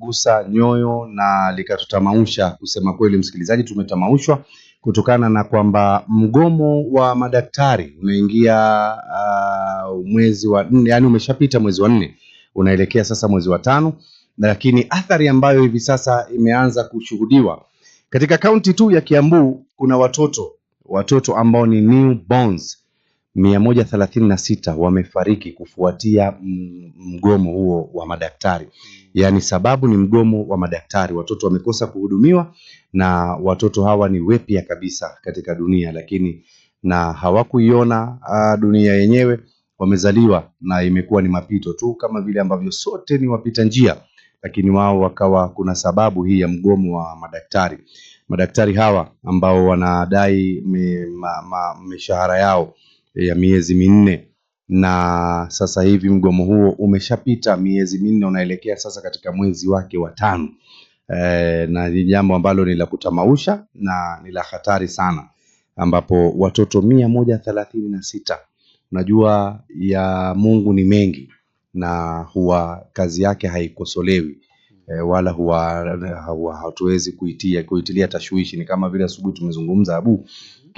likagusa nyoyo na likatutamausha. Kusema kweli, msikilizaji, tumetamaushwa kutokana na kwamba mgomo wa madaktari unaingia uh, mwezi wa nne, yani umeshapita mwezi wa nne, unaelekea sasa mwezi wa tano, lakini athari ambayo hivi sasa imeanza kushuhudiwa katika kaunti tu ya Kiambu kuna watoto watoto ambao ni bones 136 wamefariki kufuatia mgomo huo wa madaktari. Yaani sababu ni mgomo wa madaktari, watoto wamekosa kuhudumiwa, na watoto hawa ni wepya kabisa katika dunia, lakini na hawakuiona dunia yenyewe. Wamezaliwa na imekuwa ni mapito tu, kama vile ambavyo sote ni wapita njia, lakini wao wakawa, kuna sababu hii ya mgomo wa madaktari. Madaktari hawa ambao wanadai mishahara yao ya miezi minne na sasa hivi mgomo huo umeshapita miezi minne, unaelekea sasa katika mwezi wake wa tano. E, na ni jambo ambalo ni la kutamausha na ni la hatari sana, ambapo watoto mia moja thelathini na sita unajua ya Mungu ni mengi na huwa kazi yake haikosolewi e, wala huwa, huwa hatuwezi kuitia kuitilia tashwishi. Ni kama vile asubuhi tumezungumza abu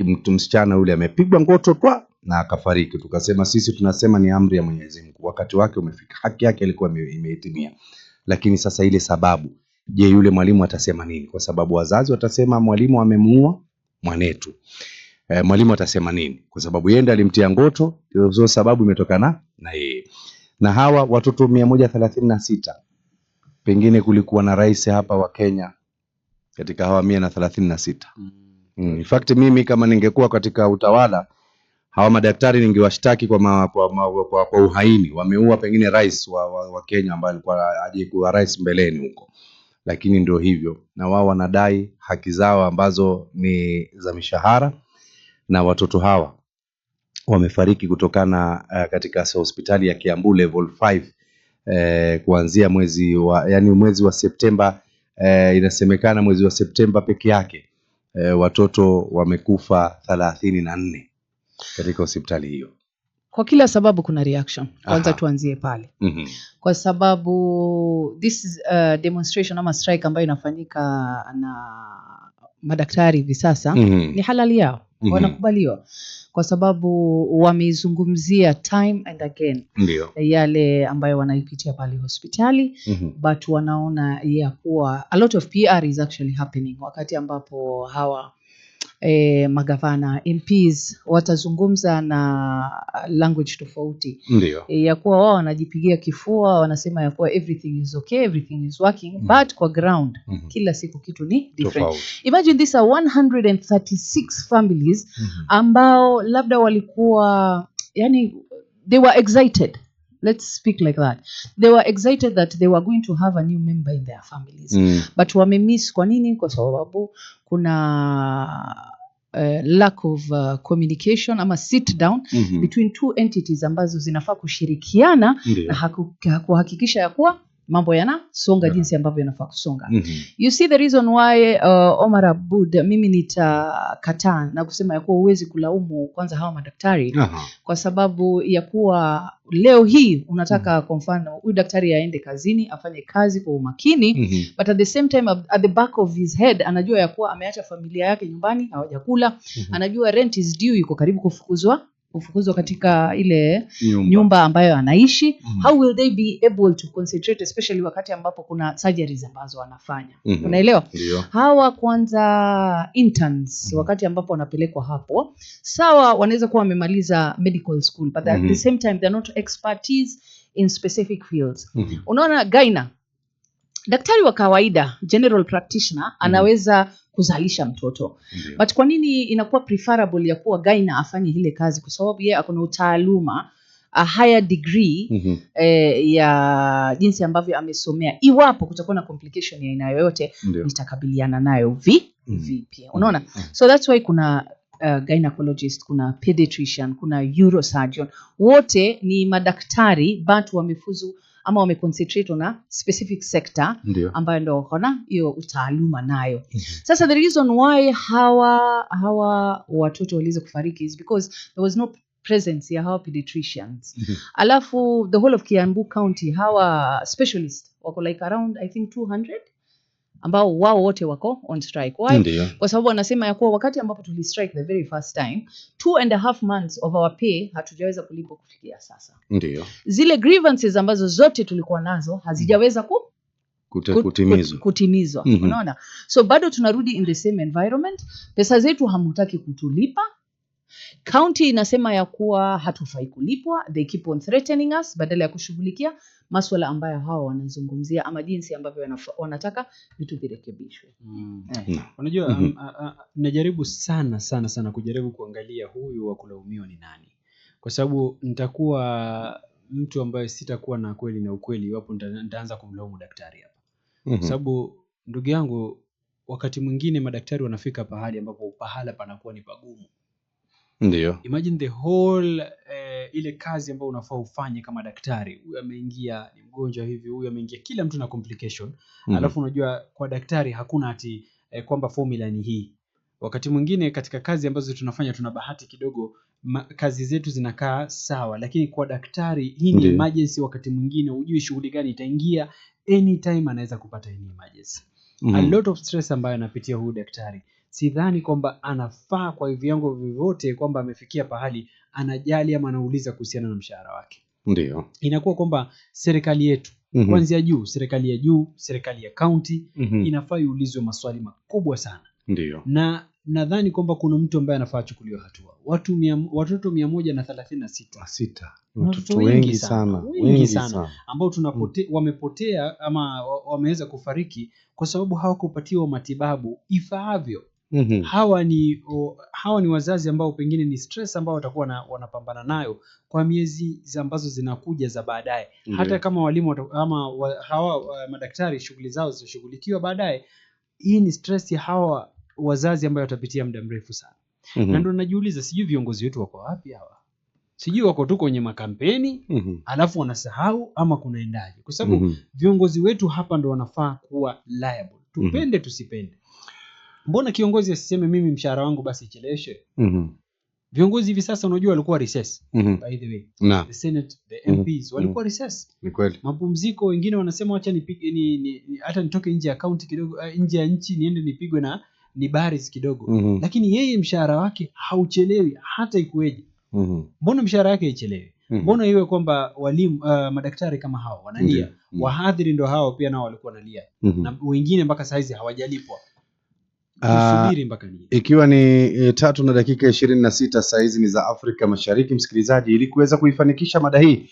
mtu msichana yule amepigwa ngoto twa na akafariki. Tukasema sisi tunasema ni amri ya Mwenyezi Mungu, wakati wake umefika, haki yake ilikuwa imetimia. Lakini sasa ile sababu, je, yule mwalimu atasema nini? Kwa sababu wazazi watasema mwalimu amemuua mwanetu. E, mwalimu atasema nini? Kwa sababu yeye ndiye alimtia ngoto, hiyo sababu imetokana na yeye. Na hawa watoto mia sita pengine kulikuwa na rais hapa wa Kenya katika hawa mia Mm. thelathini mm, In fact mimi kama ningekuwa katika utawala hawa madaktari ningewashtaki kwa, kwa, kwa, kwa, kwa uhaini. Wameua pengine rais wa, wa, wa Kenya ambaye alikuwa aje kuwa rais mbeleni huko, lakini ndio hivyo, na wao wanadai haki zao ambazo ni za mishahara, na watoto hawa wamefariki kutokana uh, katika hospitali ya Kiambu level 5 eh, kuanzia mwezi wa yani mwezi wa Septemba eh, inasemekana mwezi wa Septemba peke yake eh, watoto wamekufa thelathini na nne katika hospitali hiyo? Kwa kila sababu kuna reaction. Kwanza tuanzie pale. mm -hmm. Kwa sababu this is a demonstration ama strike ambayo inafanyika na madaktari hivi sasa mm -hmm. ni halali yao mm -hmm. wanakubaliwa kwa sababu wameizungumzia time and again Ndiyo. yale ambayo wanaipitia pale hospitali mm -hmm. but wanaona ya kuwa a lot of PR is actually happening wakati ambapo hawa eh, magavana MPs watazungumza na language tofauti ndio, e, ya kuwa wao wanajipigia kifua wanasema ya kuwa everything is okay, everything is working mm but kwa ground mm -hmm. kila siku kitu ni different tofauti. Imagine these are 136 families mm -hmm. ambao labda walikuwa yani they were excited let's speak like that they were excited that they were going to have a new member in their families mm. but wamemiss kwa nini kwa sababu kuna uh, lack of uh, communication ama sit down mm-hmm. between two entities ambazo zinafaa kushirikiana Ndiyo. na haku, hakuhakikisha ya kuwa mambo yanasonga yeah. jinsi ambavyo yanafaa kusonga mm-hmm. you see the reason why uh, omar abud mimi nitakataa na kusema ya kuwa huwezi kulaumu kwanza hawa madaktari uh-huh. kwa sababu ya kuwa leo hii unataka mm-hmm. kwa mfano huyu daktari aende kazini afanye kazi kwa umakini mm-hmm. but at the same time at the back of his head anajua ya kuwa ameacha familia yake nyumbani hawajakula mm-hmm. anajua rent is due yuko karibu kufukuzwa kufukuzwa katika ile nyumba, nyumba ambayo anaishi mm. -hmm. How will they be able to concentrate especially wakati ambapo kuna surgeries ambazo wanafanya mm -hmm. Unaelewa hawa kwanza interns mm -hmm. Wakati ambapo wanapelekwa hapo, sawa, wanaweza kuwa wamemaliza medical school but mm -hmm. at the mm-hmm. same time they're not expertise in specific fields mm -hmm. Unaona gaina daktari wa kawaida general practitioner mm-hmm. anaweza kuzalisha mtoto yeah. But kwa nini inakuwa preferable ya kuwa gaina afanye ile kazi? Kwa sababu yeye akona utaaluma a higher degree mm -hmm. eh, ya jinsi ambavyo amesomea. Iwapo kutakuwa na complication ya aina yoyote nitakabiliana nayo vi mm -hmm. vipi? Unaona mm -hmm. so that's why kuna Uh, gynecologist kuna pediatrician kuna urosurgeon wote ni madaktari but wamefuzu ama wameconcentrate on a specific sector Ndiyo. ambayo ndo wakona hiyo utaaluma nayo mhm. sasa the reason why hawa hawa watoto waliweza kufariki is because there was no presence ya hawa pediatricians mhm. alafu the whole of kiambu county hawa specialist wako like around i think 200 ambao wao wote wako on strike. Why? Ndiyo. Kwa sababu wanasema ya kuwa wakati ambapo tuli strike the very first time, two and a half months of our pay hatujaweza kulipwa kufikia sasa. Ndiyo. Zile grievances ambazo zote tulikuwa nazo hazijaweza ku kutimizwa, kutimizwa. Mm -hmm. so bado tunarudi in the same environment, pesa zetu hamutaki kutulipa Kaunti inasema ya kuwa hatufai kulipwa, they keep on threatening us, badala ya kushughulikia maswala ambayo hawa wanazungumzia ama jinsi ambavyo wanataka vitu virekebishwe. mm. yeah. Mm. Unajua mm -hmm. najaribu sana sana sana kujaribu kuangalia huyu wa kulaumiwa ni nani, kwa sababu nitakuwa mtu ambaye sitakuwa na kweli na ukweli iwapo nitaanza kumlaumu daktari hapa mm -hmm. kwa mm-hmm. sababu ndugu yangu, wakati mwingine madaktari wanafika pahali ambapo pahala panakuwa ni pagumu ndio Imagine the whole eh, ile kazi ambayo unafaa ufanye kama daktari. Huyu ameingia ni mgonjwa hivi, huyu ameingia, kila mtu na complication. Mhm. Alafu unajua kwa daktari hakuna ati eh, kwamba formula ni hii. Wakati mwingine katika kazi ambazo tunafanya tuna bahati kidogo ma, kazi zetu zinakaa sawa, lakini kwa daktari hii ni emergency. Wakati mwingine hujui shughuli gani itaingia, anytime anaweza kupata hii emergency. a mhm. lot of stress ambayo anapitia huyu daktari sidhani kwamba anafaa kwa viwango vyovyote kwamba amefikia pahali anajali ama anauliza kuhusiana na mshahara wake ndio inakuwa kwamba serikali yetu mm-hmm. kwanzia juu serikali ya juu serikali ya kaunti mm-hmm. inafaa iulizwe maswali makubwa sana ndio na nadhani kwamba kuna mtu ambaye anafaa achukuliwe hatua watu mia, watoto mia moja na thelathini na sita ah, sita watoto wengi, wengi sana wengi, wengi sana, sana. ambao tunapote, mm. wamepotea ama wameweza kufariki kwa sababu hawakupatiwa matibabu ifaavyo mm -hmm. hawa ni o, hawa ni wazazi ambao pengine ni stress ambao watakuwa na, wanapambana nayo kwa miezi ambazo zinakuja za baadaye mm -hmm. hata kama walimu ama wa, hawa madaktari shughuli zao zishughulikiwa baadaye, hii ni stress ya hawa wazazi ambayo watapitia muda mrefu sana mm -hmm. na mm-hmm. ndo najiuliza, sijui viongozi wetu wako wapi hawa sijui wako tu kwenye makampeni mm -hmm. alafu wanasahau ama kunaendaje? Kwa sababu mm -hmm. viongozi wetu hapa ndo wanafaa kuwa liable, mm-hmm. tupende mm -hmm. tusipende. Mbona kiongozi asiseme mimi mshahara wangu basi icheleweshwe? mm -hmm. Viongozi hivi sasa unajua walikuwa recess. mm -hmm. By the way. Na. The Senate, the MPs mhm. mm -hmm. walikuwa mhm. recess. Ni kweli. Mapumziko, wengine wanasema acha nipige ni, ni, ni, hata nitoke nje ya county kidogo, uh, nje ya nchi niende nipigwe na ni baris kidogo. mm -hmm. Lakini yeye mshahara wake hauchelewi hata ikuweje. mm -hmm. Mbona mshahara wake haichelewi? Mhm. Mbona mm -hmm. iwe kwamba walimu uh, madaktari kama hao wanalia. mm -hmm. Wahadhiri ndo hao pia nao walikuwa wanalia. mm -hmm. Na wengine mpaka saizi hawajalipwa. Uh, ikiwa ni e, tatu na dakika ishirini na sita saa hizi ni za Afrika Mashariki, msikilizaji, ili kuweza kuifanikisha mada hii